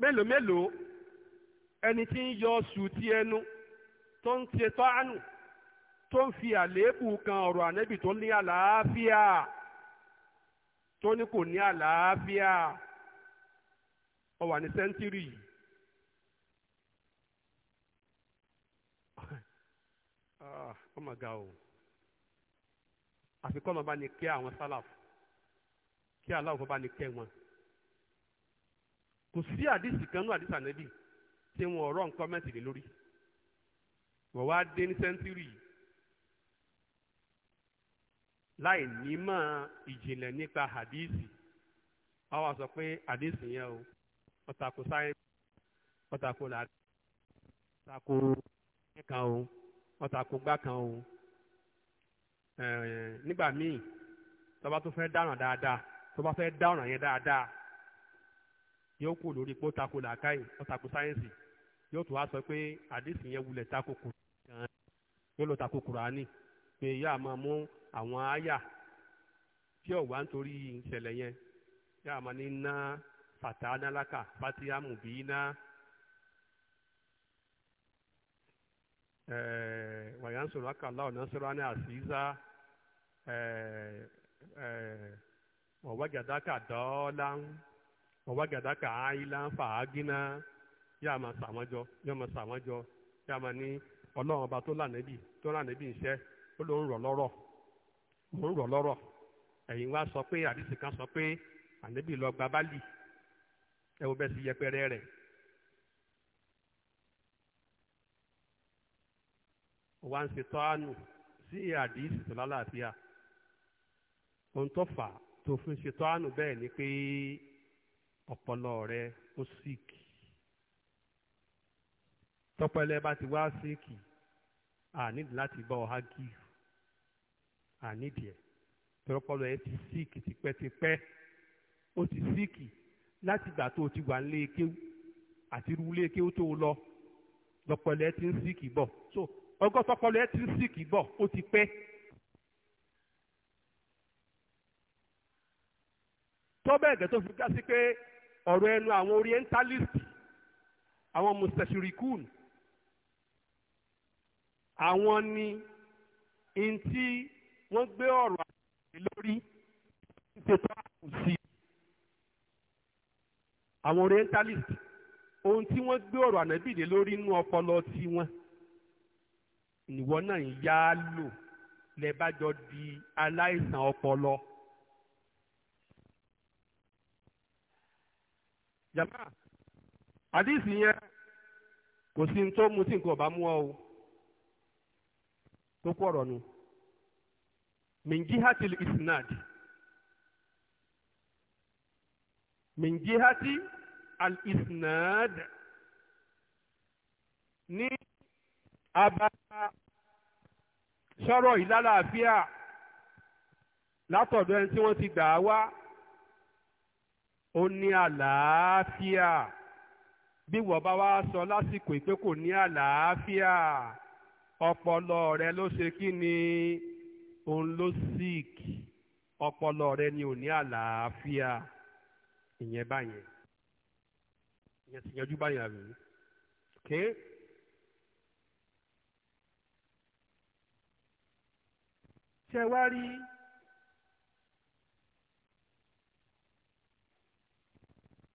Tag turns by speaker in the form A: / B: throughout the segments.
A: mélòó mélòó ẹni tí ń yọ sùtì ẹnu tó ń ṣe tọ́ánù tó ń fi àléébù kan ọ̀rọ̀ ànẹ́bì tó ní àlàáfíà tó ní kò ní àlàáfíà ó wà ní sẹ́ńtírì yìí. ọmọ ah, oh ga o àfikún ọmọ bá ní kí àwọn sálàfù kí aláwọ̀ bá ní kẹ́ wọn kò sí àdìsí kan nú àdìsí ànábì tí wọn ọ̀rọ̀ nǹkan mẹ́tìlé lórí wọ́n wá dé ní sẹ́ńtírì yìí láì nímọ̀ ìjìnlẹ̀ nípa àdìsí wọ́n wá sọ pé àdìsí yẹn o ọ̀tàkù sáyẹ́nsì ọ̀tàkù làdí ọ̀tàkù kan o ọ̀tàkù gbá kan o nígbà míì tó tó fẹ́ dáràn dáadáa tó bá dáràn yẹn dáadáa. yóò kú lórí pé ó tako làákàyè ó tako sáyẹ́nsì yóò tún wá sọ pé àdìsí yẹn wulẹ̀ tako kùránì yóò lọ tako kùránì pé yóò máa mú àwọn àyà tí ọ̀wá nítorí ìṣẹ̀lẹ̀ yẹn yóò máa ní ná fàtánálàkà fatihamu bíi ná. wàyánsọ̀rọ̀ akàláwọ̀ nasọ̀rọ̀ ní àṣìíza ọ̀wájàdákà dọ́ọ́lá ọ̀wágàdáka àìlá ń fa àágínà yá máa ya ma máa sàmọ́jọ ya ma ọba tó lànàbì tó lànàbì iṣẹ́ ó ló ń rọ̀ lọ́rọ̀ mò ń rọ̀ sọ pé àdìsí kan sọ pé ànàbì lọ gba bálì ẹ wo bẹ́ẹ̀ yẹpẹrẹ rẹ̀ wá ń ṣe tọ́ánù sí àdìsí tó lálàáfíà ohun tó fà tó fi bẹ́ẹ̀ ni ọpọlọ rẹ ó síìkì tọpẹlẹ bá ti wá síìkì ànídìí láti bá ọ hágíù ànídìí ẹ tọpọlọ ẹ ti síìkì tipẹ́tipẹ́ ó ti síìkì láti ìgbà tó o ti wà nílé kéwù àti irú ilé kéwù tó o lọ lọpọlọ ẹ ti ń síìkì bọ̀ so ọgọ́tọpọlọ ẹ ti ń síìkì bọ̀ ó ti pẹ́. tó bẹ́ẹ̀ tó fi gá sí pé ọ̀rọ̀ ẹnu àwọn orientalist àwọn mustachirikun àwọn ni n tí wọ́n gbé ọ̀rọ̀ àti lórí ń ṣètò ààbò sí àwọn orientalist ohun tí wọ́n gbé ọ̀rọ̀ ànábìdé lórí inú ọpọlọ tiwọn ìwọ náà yá lò lẹ́ẹ̀bá di aláìsàn ọpọlọ. jama àdìsí yẹn kò sí ní tó mu tí nǹkan ọba mú ọ o tó kú ọ̀rọ̀ nu minjihati al-isnad minjihati ní abala sọ̀rọ̀ ìlàlàáfíà látọ̀dọ̀ ẹni tí wọ́n ti gbà á wá ó ní àlàáfíà bí wọ́n bá wá sọ lásìkò pé kò ní àlàáfíà ọpọlọ rẹ ló ṣe kí ni òun ló sick ọpọlọ rẹ ni ò ní àlàáfíà ìyẹn báyẹn ìyẹn ti yanjú báyẹn àbí ok. ṣe wá rí.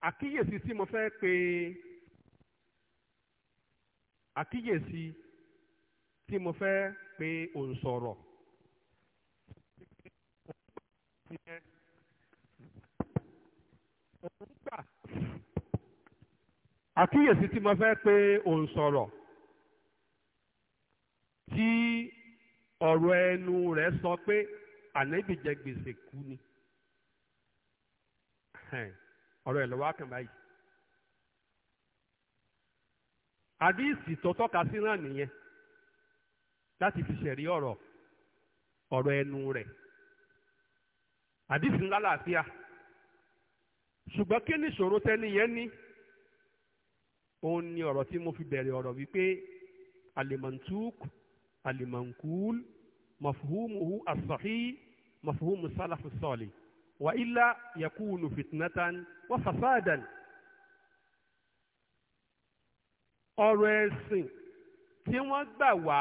A: àkíyèsí tí mo fẹ́ pe àkíyèsí tí mo fẹ́ pe òǹsọ̀rọ̀ àkíyèsí tí mo fẹ́ pe òǹsọ̀rọ̀ tí ọ̀rọ̀ ẹnu rẹ̀ sọ pé ànábìjẹ gbèsè kú ni. Hey ọ̀rọ̀ ẹ̀ lọ́wọ́ àkàn báyìí. àdíìsì tó tọ́ka sí náà nìyẹn láti fi ṣẹ̀rí ọ̀rọ̀ ọ̀rọ̀ ẹnu rẹ̀ àdíìsì ńlá làáfíà ṣùgbọ́n kí ni ìṣòro tẹ́ni yẹn ní òun ni ọ̀rọ̀ tí mo fi bẹ̀rẹ̀ ọ̀rọ̀ wípé alimantuk alimankul mafuhumuhu asahi mafuhumu salafu sọ́ọ̀lì wa illa yakunu fitnatan wa fasadan ọ̀rọ̀ ẹ̀sìn tí wọ́n gbà wá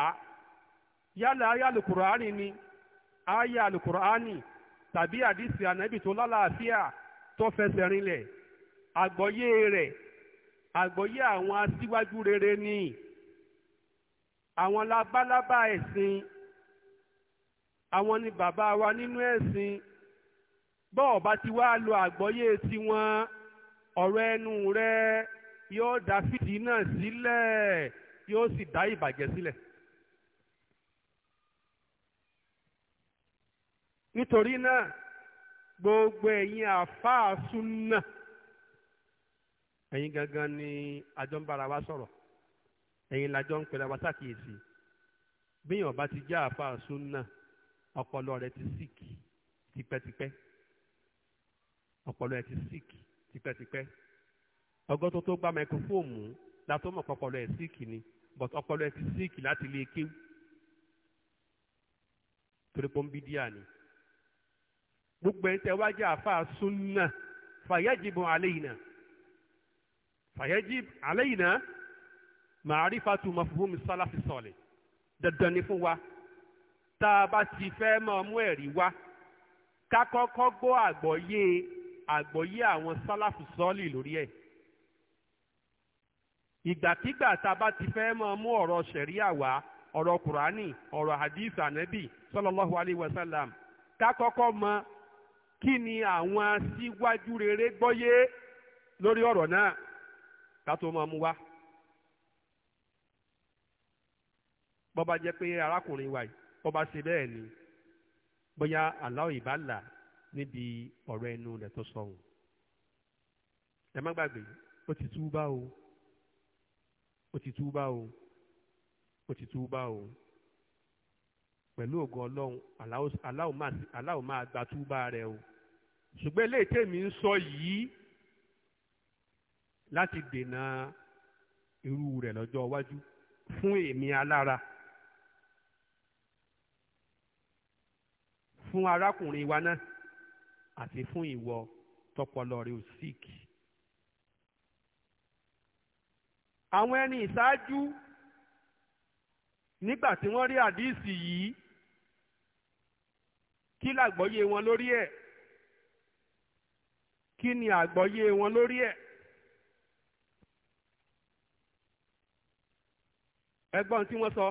A: yálà ayé alukur'ani ni ayé alukur'ani tàbí àdìsí ànábì tó lálàáfíà tó fẹsẹ̀ rinlẹ̀ àgbọ́yé rẹ̀ àgbọ́yé àwọn aṣíwájú rere ni àwọn labalábá ẹ̀sìn àwọn ni bàbá wa nínú ẹ̀sìn bọ́ọ̀ bá ti wá lo àgbọ́yé tiwọn ọ̀rọ̀ ẹnu rẹ yóò dá fìdí náà sílẹ̀ yóò sì dá ìbàjẹ́ sílẹ̀. nítorí náà gbogbo ẹ̀yin àáfàá súnà ẹ̀yin gangan ni àjọ ń bára wa sọ̀rọ̀ ẹ̀yin làjọ ń pẹ̀lẹ́ wa ṣàkíyèsí bíyàn bá ti jẹ́ àáfàá súnà ọpọlọ rẹ ti síkì tipẹ́tipẹ́ ọpọlọ ẹ ti sick tipẹ́tipẹ́ ọgọ́n tó tó gbá microphone mú la tó ẹ sick ni but ọpọlọ ẹ ti sick láti ilé kéwù torí pé ó ń bí díà ni gbogbo ẹ̀ ń tẹ́ wájà àfa súnà fàyẹ́jìbọn alẹ́ yìí náà fàyẹ́jì àlẹ́yìnà màárífàtú mọ̀fúnmi sálàfi sọ̀lẹ̀ dandan ni fún wa tá a bá ti fẹ́ máa mú ẹ̀rí wá ká kọ́kọ́ gbọ́ àgbọ́yé àgbọ́yé àwọn sálàfù sọ́ọ̀lì lórí ẹ̀ ìgbàkigbà tá a bá ti fẹ́ máa mú ọ̀rọ̀ ṣẹ̀ríà wá ọ̀rọ̀ kùránì ọ̀rọ̀ hadith anabi sallallahu alayhi wa sallam ká kọ́kọ́ mọ kí ni àwọn síwájú rere gbọ́yé lórí ọ̀rọ̀ náà ká tó máa mú wá. bọ́ba jẹ́ pé arákùnrin wa bọ́ba ṣe bẹ́ẹ̀ ni bóyá Allah ìbá là níbi ọ̀rọ̀ ẹnu rẹ̀ tó sọ̀hún ẹ má gbàgbé ó ti túbá o ó ti túbá o ó ti túbá o pẹ̀lú ògùn ọlọ́run aláwo máa gba túbá rẹ o ṣùgbọ́n eléyìí tèmi ń sọ yìí láti dènà irú rẹ̀ lọ́jọ́ iwájú fún èmi alára. fún arákùnrin wa náà àti fún ìwọ tọpọlọ rẹ ò àwọn ẹni ìṣáájú nígbà tí wọ́n rí àdíìsì yìí kí làgbọ́yé wọn lórí ẹ̀ kí ni àgbọ́yé wọn lórí ẹ̀. ẹgbọ́n tí wọ́n sọ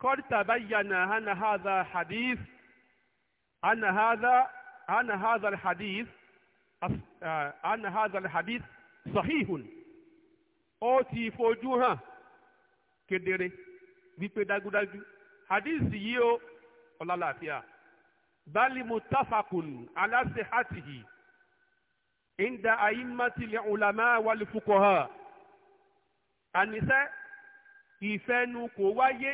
A: kọ́dítà bá yànnà hànà hàdà hadith أن هذا أن هذا الحديث أن هذا الحديث صحيح ó ti fojú hàn kedere wípé dájúdájú hadith yìí ó ọlálàáfíà bali mutafakun ala sihatihi inda aimmatil ulama wal fuqaha ànisẹ́ ìfẹ́nu kò wáyé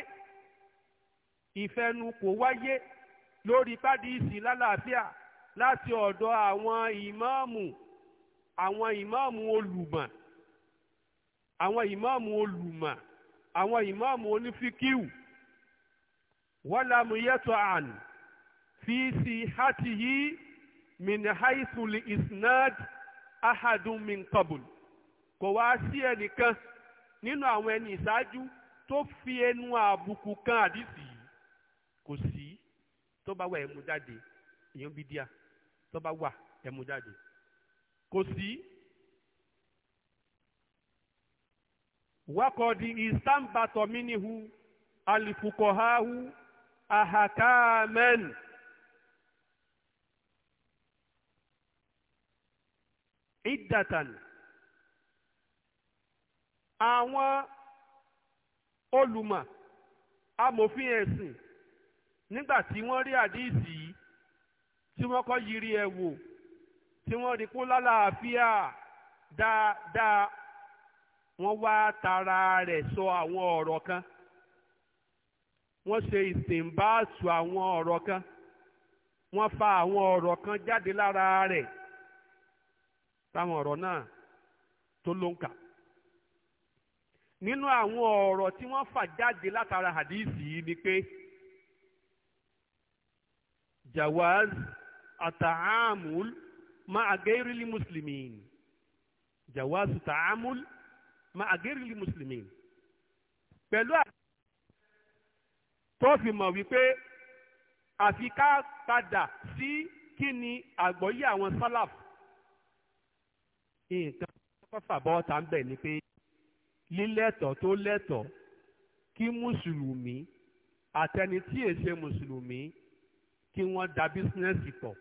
A: ìfẹ́nu kò wáyé lórí pádìsì lálàáfíà láti ọ̀dọ̀ àwọn ìmáàmù àwọn ìmáàmù olùmọ̀ àwọn ìmáàmù olùmọ̀ àwọn ìmáàmù onífíkíù wọ́lámù yẹ́tọ̀ àn fi si hati yìí min haithul isnad ahadun min qabul kò wá sí ẹnìkan nínú àwọn ẹni ìṣáájú tó fi ẹnu àbùkù kan àdìsí kò sí tó bá wà ẹ̀mú jáde èèyàn bí díà tó bá wà ẹ̀mú jáde kò sí. wakọ̀dì ìsàmbàtọ̀ mi ni hu àwọn olùmọ̀ amòfin ẹ̀sìn nígbà tí wọ́n rí àdíìsì tí wọ́n kọ́ yiri ẹ̀ wò tí wọ́n rí kó lálàáfíà dáadáa wọ́n wá tara rẹ̀ sọ àwọn ọ̀rọ̀ kan wọ́n ṣe ìsìnbáàsù àwọn ọ̀rọ̀ kan wọ́n fa àwọn ọ̀rọ̀ kan jáde lára rẹ̀ táwọn ọ̀rọ̀ náà tó ló ń kà nínú àwọn ọ̀rọ̀ tí wọ́n fà jáde látara hadisi ni pé. جواز التعامل مع غير المسلمين، جواز التعامل مع غير المسلمين. جواز التعامل مع غير المسلمين pẹ̀lú àti tó fi mọ̀ wípé àfi ká padà sí kí ni àgbọ́yé àwọn sálàf nǹkan kọ́fàbọ́ ta ń bẹ̀ ni pé lílẹ́tọ̀ tó lẹ́tọ̀ kí mùsùlùmí àtẹni tí èsè mùsùlùmí kí wọ́n da bísínẹ́sì pọ̀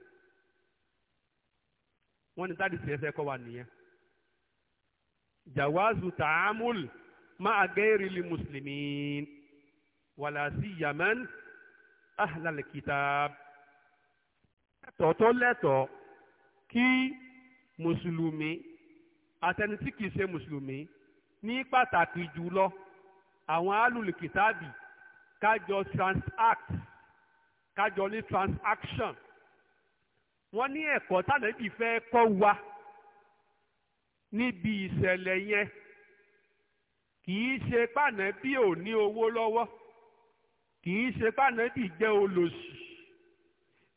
A: wọ́n ní táàdì tiẹ̀ kọ́ wa nìyẹn. jawazu ta'amul ma'a gairi li muslimin wala siyaman ahlal kitab tọ̀tọ̀ lẹ́tọ̀ọ́ kí mùsùlùmí àtẹni tí kìí ṣe mùsùlùmí ní pàtàkì jùlọ àwọn alùlùkìtàbì kájọ transact kájọ ní transaction wọ́n ní ẹ̀kọ́ tànàbí fẹ́ kọ́ wa níbi ìṣẹ̀lẹ̀ yẹn kì í ṣe pànàbí ò ní owó lọ́wọ́ kì í ṣe pànàbí jẹ́ olòṣì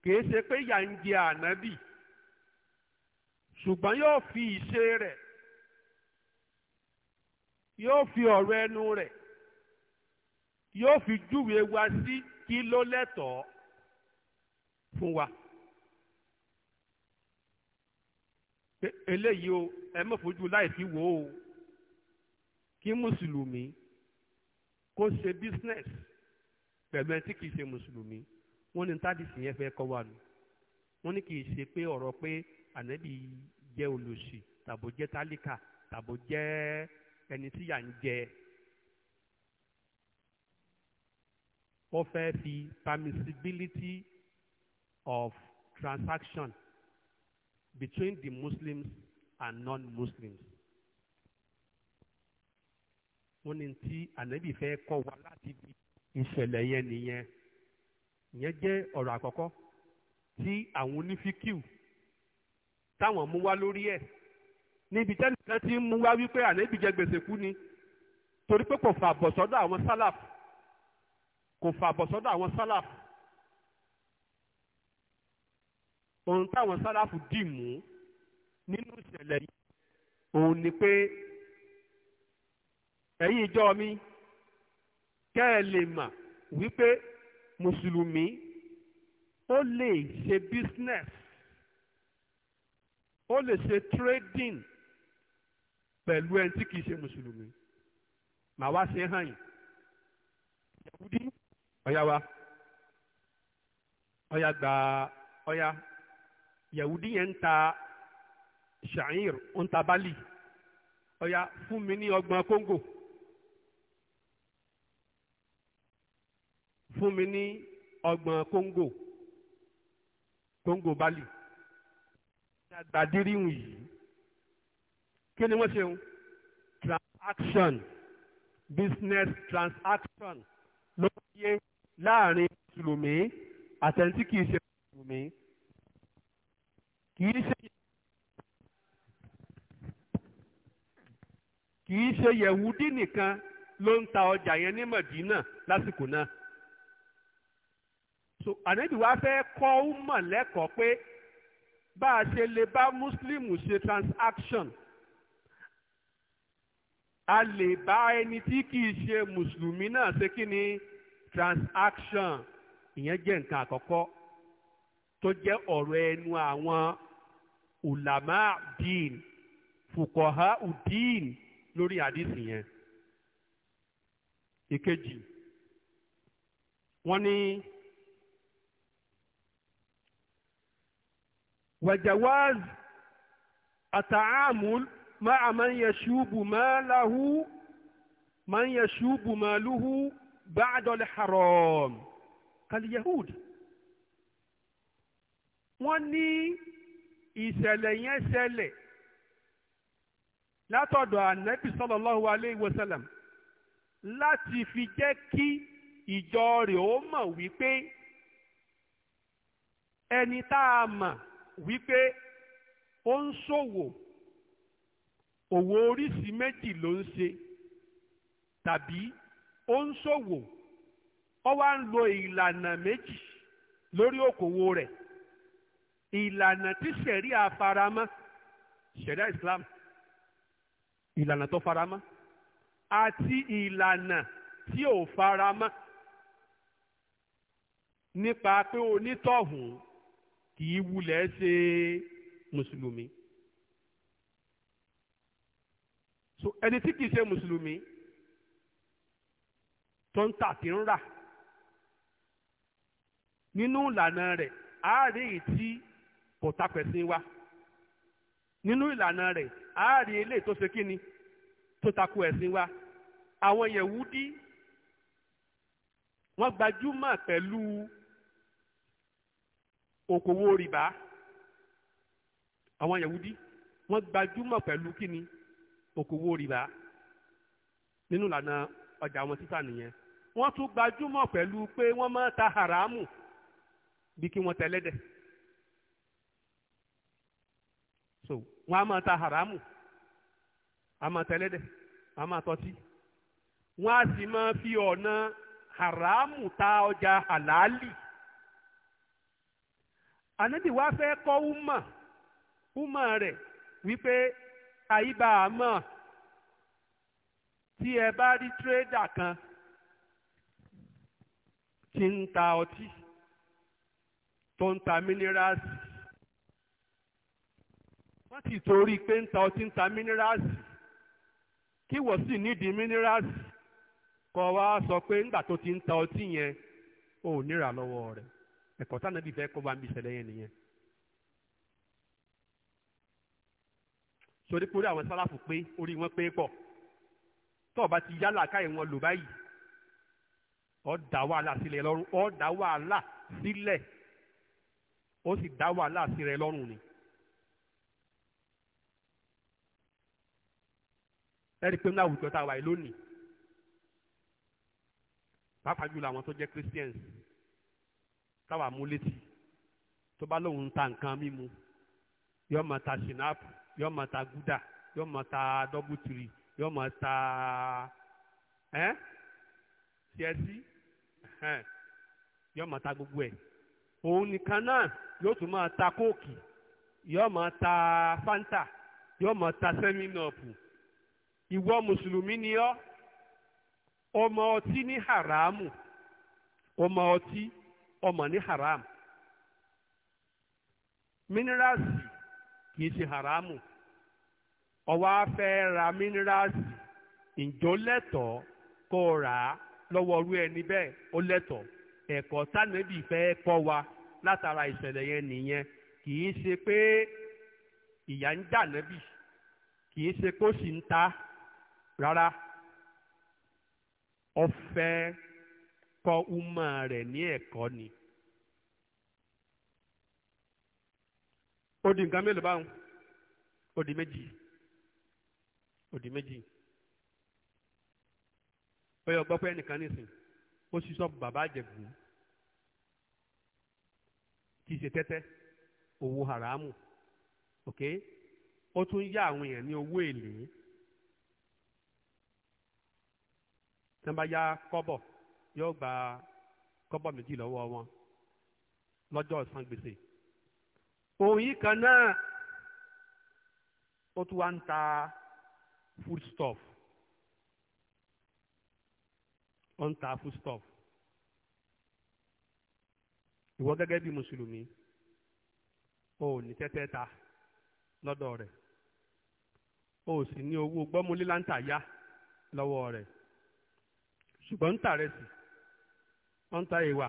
A: kì í ṣe pé yà ń jẹ ànábì ṣùgbọ́n yóò fi ìṣe rẹ̀ yóò fi ọ̀rọ̀ ẹnu rẹ̀ yóò fi júwe wa sí kí ló lẹ́tọ̀ọ́ fún wa eléyìí o ẹ má fojú láì fi wò ó kí mùsùlùmí kó ṣe business pẹ̀lú ẹni tí kìí ṣe mùsùlùmí wọ́n ní tádìsì yẹn fẹ́ kọ́ wa nù wọ́n ní kìí ṣe pé ọ̀rọ̀ pé ànábì jẹ́ olòṣì tàbó jẹ́ tálíkà tàbó jẹ́ ẹni tí yà ń jẹ ó fẹ́ fi permissibility of transaction between the Muslims and non-Muslims. wọ́n ní tí ànábì fẹ́ kọ́ wa láti bí ìṣẹ̀lẹ̀ yẹn nìyẹn ìyẹn jẹ́ ọ̀rọ̀ àkọ́kọ́ tí àwọn onífíkìw táwọn mú wá lórí ẹ̀ níbi tẹ́nìkan ti ń mú wá wípé ànábì jẹ gbèsè kú ni torí pé kò fà bọ̀ sọ́dọ̀ àwọn sálàf kò fà bọ̀ sọ́dọ̀ àwọn sálàf ohun táwọn sáláfù dì mú nínú ìṣẹ̀lẹ̀ yìí òun ni pé ẹ̀yin ìjọ mi kẹ́ ẹ lè mà wípé mùsùlùmí ó lè ṣe business ó lè ṣe trading pẹ̀lú ẹni tí kìí ṣe mùsùlùmí màá wá ṣe hàn yín yahudi ọ̀yá wa ọ̀yá gba ọ̀yá yahudi yẹn ń ta sha'ir ń ta bali ọ̀ya fún mi ní ọgbọ̀n kóńgò fún mi ní ọgbọ̀n kóńgò kóńgò bali gbàdírìhùn yìí kí ni wọ́n ṣe ń transaction business transaction ló yẹ láàrin mùsùlùmí àtẹ̀ntí kìí ṣe mùsùlùmí kì í ṣe kì í ṣe yẹ̀wúdí nìkan ló ń ta ọjà yẹn ní Mẹ̀dínà lásìkò náà so ànábì wa fẹ́ kọ́ ọmọ lẹ́kọ̀ọ́ pé bá a ṣe lè bá muslim ṣe transaction a lè bá ẹni tí kìí ṣe mùsùlùmí náà ṣe kí ni transaction ìyẹn jẹ́ nǹkan àkọ́kọ́ tó jẹ́ ọ̀rọ̀ ẹnu àwọn ulama din fukọha udin lórí àdìsí yẹn ìkejì wọ́n ní wàjàwáz àtàámùl máa máa ń yẹ ṣubù máa láhú máa ń yẹ ṣubù máa lúhú bá àdọ́lẹ̀ haram kàlí yahud wọ́n ìṣẹ̀lẹ̀ yẹn ṣẹlẹ̀ látọ̀dọ̀ ànẹ́bí sallallahu láti fi jẹ́ kí ìjọ rẹ̀ ó mọ̀ wípé ẹni tá a mọ̀ wípé ó ń ṣòwò òwò oríṣìí méjì ló ń ṣe tàbí ó ń ṣòwò ọ wá ń lo ìlànà méjì lórí òkòwò rẹ̀ ìlànà tí sẹ̀ríà faramọ́ sẹ̀ríà Islam ìlànà tó faramọ́ àti ìlànà tí ò faramọ́ nípa pé onítọ̀hún kì í wulẹ̀ ṣe mùsùlùmí. so ẹni tí kìí ṣe mùsùlùmí tó ń tà tí ń rà nínú ìlànà rẹ̀ àárẹ̀ tí kò tako ẹ̀sìn wa nínú ìlànà rẹ̀ a rí eléyìí tó ṣe kíni tó tako ẹ̀sìn wa àwọn yẹ̀wúdí wọ́n gbajúmọ̀ pẹ̀lú òkòwò rìbá àwọn yẹ̀wúdí wọ́n gbajúmọ̀ pẹ̀lú kíni òkòwò rìbá nínú ìlànà ọjà wọn títà nìyẹn wọ́n tún gbajúmọ̀ pẹ̀lú pé wọ́n máa ta haramu bí kí wọ́n tẹ̀lẹ́dẹ̀. wọn a máa ta haramu a máa tẹlẹ́dẹ̀ a máa tọ́tí wọn a sì máa fi ọ̀nà haramu ta ọjà halali ànábì wa fẹ́ kọ́ umma umma rẹ̀ wípé àyíbá àmọ́ tí ẹ bá rí tírẹ́dà kan tí ń ta ọtí tó ń ta mínírààsì má ti torí pé ń ta ọtí ń ta mínírààsì kí wọ́n sì nídìí mínírààsì kọ́ wa sọ pé ńgbà tó ti ń ta ọtí yẹn ò níra lọ́wọ́ rẹ̀ ẹ̀kọ́ tá nàbí fẹ́ kó bá ń bí ìṣẹ̀lẹ̀ yẹn nìyẹn. sori kúrò àwọn sálàfù pé orí wọn pé pọ̀ tó o bá ti yálà káyé wọn lò báyìí ó dá wàhálà sílẹ̀ lọ́rùn ó dá wàhálà sílẹ̀ ó sì dá wàhálà sílẹ̀ lọ́rùn ni. ẹ̀rí pé ní àwùjọ tá a wà yìí lónìí pàápàá jùlọ àwọn tó jẹ́ Christians táwa mú létí tó bá lóun ta nǹkan mímu yóò máa ta shinap yóò máa ta gúdà yóò máa ta dọ́bùtìrì yóò máa ta ẹ́ tiẹ́sí yóò máa ta gbogbo ẹ̀ òun nìkan náà yóò tún máa ta kóòkì yóò máa ta fanta yóò máa ta sẹ́mínọ́ọ̀pù ìwọ mùsùlùmí ni ọmọ ọtí ní ọmọ ọtí ọmọ ní haram mínírààsì ṣe haramu ọwọ́ afẹ́ ra mínírààsì ǹjọ́ lẹ́tọ̀ọ́ kó o rà á lọ́wọ́ orú ẹni bẹ́ẹ̀ ó lẹ́tọ̀ọ́ ẹ̀kọ́ tánàbì fẹ́ kọ́ wa látara ìṣẹ̀lẹ̀ yẹn nìyẹn kìí ṣe pé ìyà ń dà ṣe sì ń ta rárá ó fẹ́ kọ́ umma rẹ̀ ní ẹ̀kọ́ ni. ó di nǹkan mélòó báwọn ó méjì ó di méjì ó yọ gbọ́ pé ẹnìkan nísìn ó sì sọ bàbá àjẹbù kì ṣe tẹ́tẹ́ owó haramu ok ó tún yá àwọn èèyàn ní owó èlé. tí ya bá yá kọ́bọ̀ yóò gba kọ́bọ̀ méjì lọ́wọ́ wọn lọ́jọ́ ìsan gbèsè òun yìí kan náà ó tún wá ń ta foodstuff ó ń ta foodstuff ìwọ gẹ́gẹ́ bí mùsùlùmí o ò ní tẹ́tẹ́ ta lọ́dọ̀ rẹ̀ o ò sì ní owó gbọ́múlélántà yá lọ́wọ́ rẹ̀ ṣùgbọ́n ń ta rẹsì wọ́n ń ta ìwà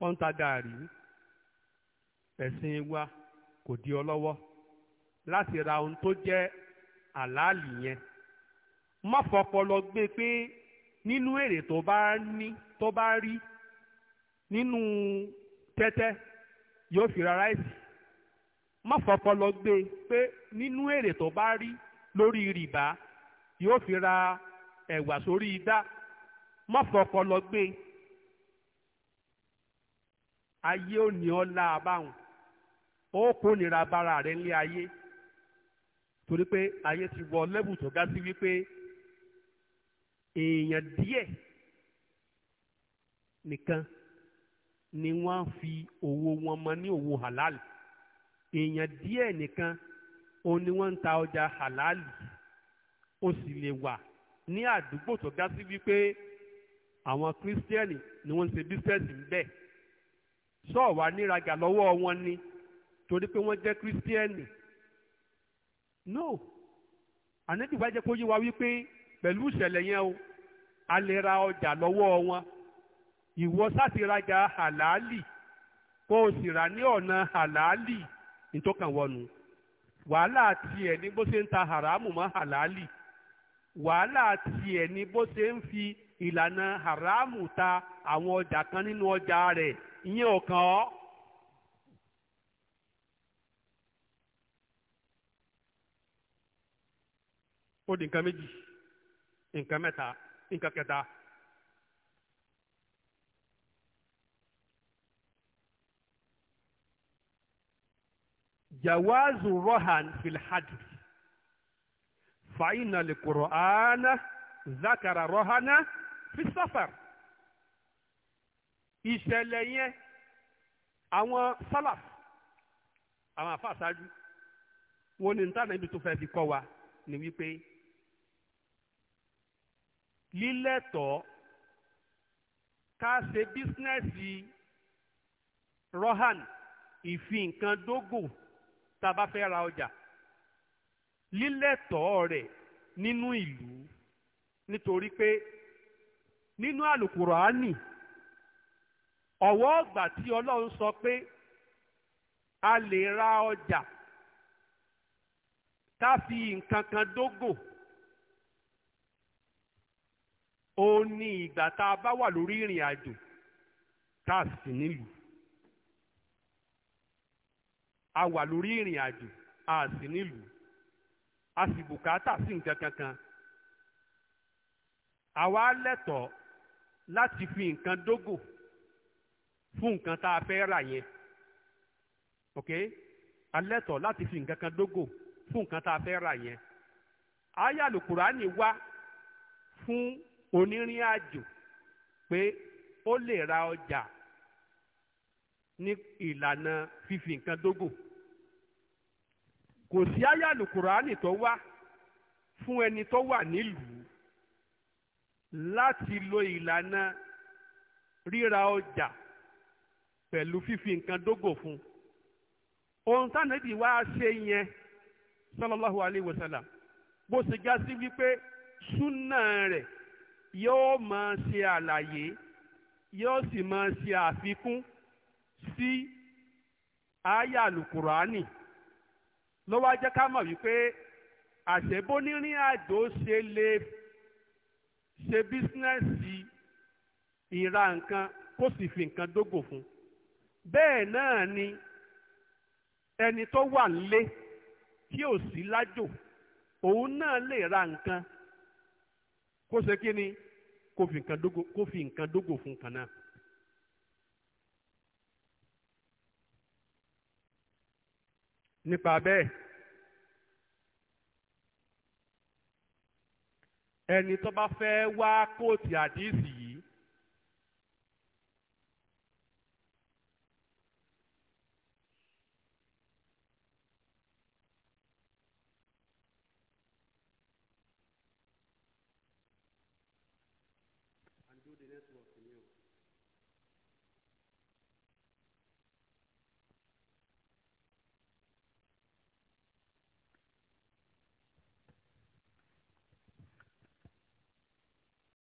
A: wọ́n ń ta gàárì ẹ̀sìn wa kò di ọ lọ́wọ́ láti ra ohun tó jẹ́ àlàálì yẹn má fọpọlọ gbé pé nínú èrè tó bá ní tó bá rí nínú tẹ́tẹ́ yóò fi ra ráìsì má fọpọlọ gbé pé nínú èrè tó bá rí lórí rìbá yóò fi ra ẹ̀wà sórí idá má fọpọlọ gbé ayé ò ní ọ láàbáwọn ó kó nira bára rẹ nílé ayé torí pé ayé ti wọ lẹ́bù tó ga sí wípé èèyàn díẹ̀ nìkan ni wọ́n fi owó wọn mọ ní owó halal èèyàn díẹ̀ nìkan òun ni wọ́n ń ta ọjà halal ó sì lè wà ní àdúgbò tó ga sí wípé àwọn kírísítẹ́nì ni wọ́n ń ṣe bísẹ́ẹ̀sì ń bẹ̀ sọ́ọ̀wá níraga lọ́wọ́ wọn ni torí pé wọ́n jẹ́ kírísítẹ́nì no ànẹ́bí wá jẹ́ kó yé wa wípé pẹ̀lú ìṣẹ̀lẹ̀ yẹn o a lè ra ọjà lọ́wọ́ wọn ìwọ sáti rajà hàlálì kó o sì rà ní ọ̀nà hàlálì nítòkàn wọnú wàhálà tiẹ̀ ní bó ṣe ń ta hàrámù mọ́ hàlálì wàhálà tiẹ̀ ní bó ṣe ń fi ìlànà haramu ta àwọn ọjà kan nínú ọjà rẹ̀ ìyẹn ò kàn ọ́. ó di nǹkan méjì nǹkan mẹ́ta nǹkan kẹta. jawaazu rohan filhadri fa ina likuraana zakara rohana fi safar ìṣẹ̀lẹ̀ yẹn àwọn salaf àwọn àfa àṣáájú wọn ni níta níbi tó fẹ́ fi kọ́ wa ni wípé lílẹ̀tọ̀ ká ṣe bísínẹ́sì rohan ìfi nǹkan dógò tá a bá fẹ́ ra ọjà lílẹ̀tọ̀ rẹ̀ nínú ìlú nítorí pé nínú àlùkùránì ọ̀wọ́ ọ̀gbà tí ọlọ́run sọ pé a lè ra ọjà ká fi nǹkan kan dógò òun ni ìgbà tá a bá wà lórí ìrìn àjò tá a sì nílùú a wà lórí ìrìn àjò a sì nílùú a sì bùkátà sí nǹkan kankan àwa lẹ́tọ̀ọ́ láti fi nǹkan dógò fún nǹkan tá a fẹ́ rà yẹn ok alẹ́tọ̀ láti fi nǹkan kan dógò fún nǹkan tá a fẹ́ rà yẹn àyá Àlùkùránì wá fún onírìn àjò pé ó lè ra ọjà ní ìlànà fífi nǹkan dógò kò sí àyá Àlùkùránì tó wá fún ẹni tó wà nílùú láti lo ìlànà ríra ọjà pẹ̀lú fífi nǹkan dógò fún ohun tánàbí wá ṣe yẹn sallallahu alayhi wa sallam bó ṣe já sí wípé súnà rẹ̀ yóò máa ṣe àlàyé yóò sì máa ṣe àfikún sí àyà àlùkùránì ló wá jẹ́ ká mọ̀ wípé àṣebónírìn àjò ṣe lè ṣe bísínẹ́sì ìra nǹkan kó sì fi nǹkan dógò fún bẹ́ẹ̀ náà ni ẹni tó wà nílé tí ò sí lájò òun náà lè ra nǹkan kó ṣe kí ni kó fi nǹkan dógò fún kan náà. nípa bẹ́ẹ̀. ẹni tó bá fẹ́ wá kóòtì àdìsí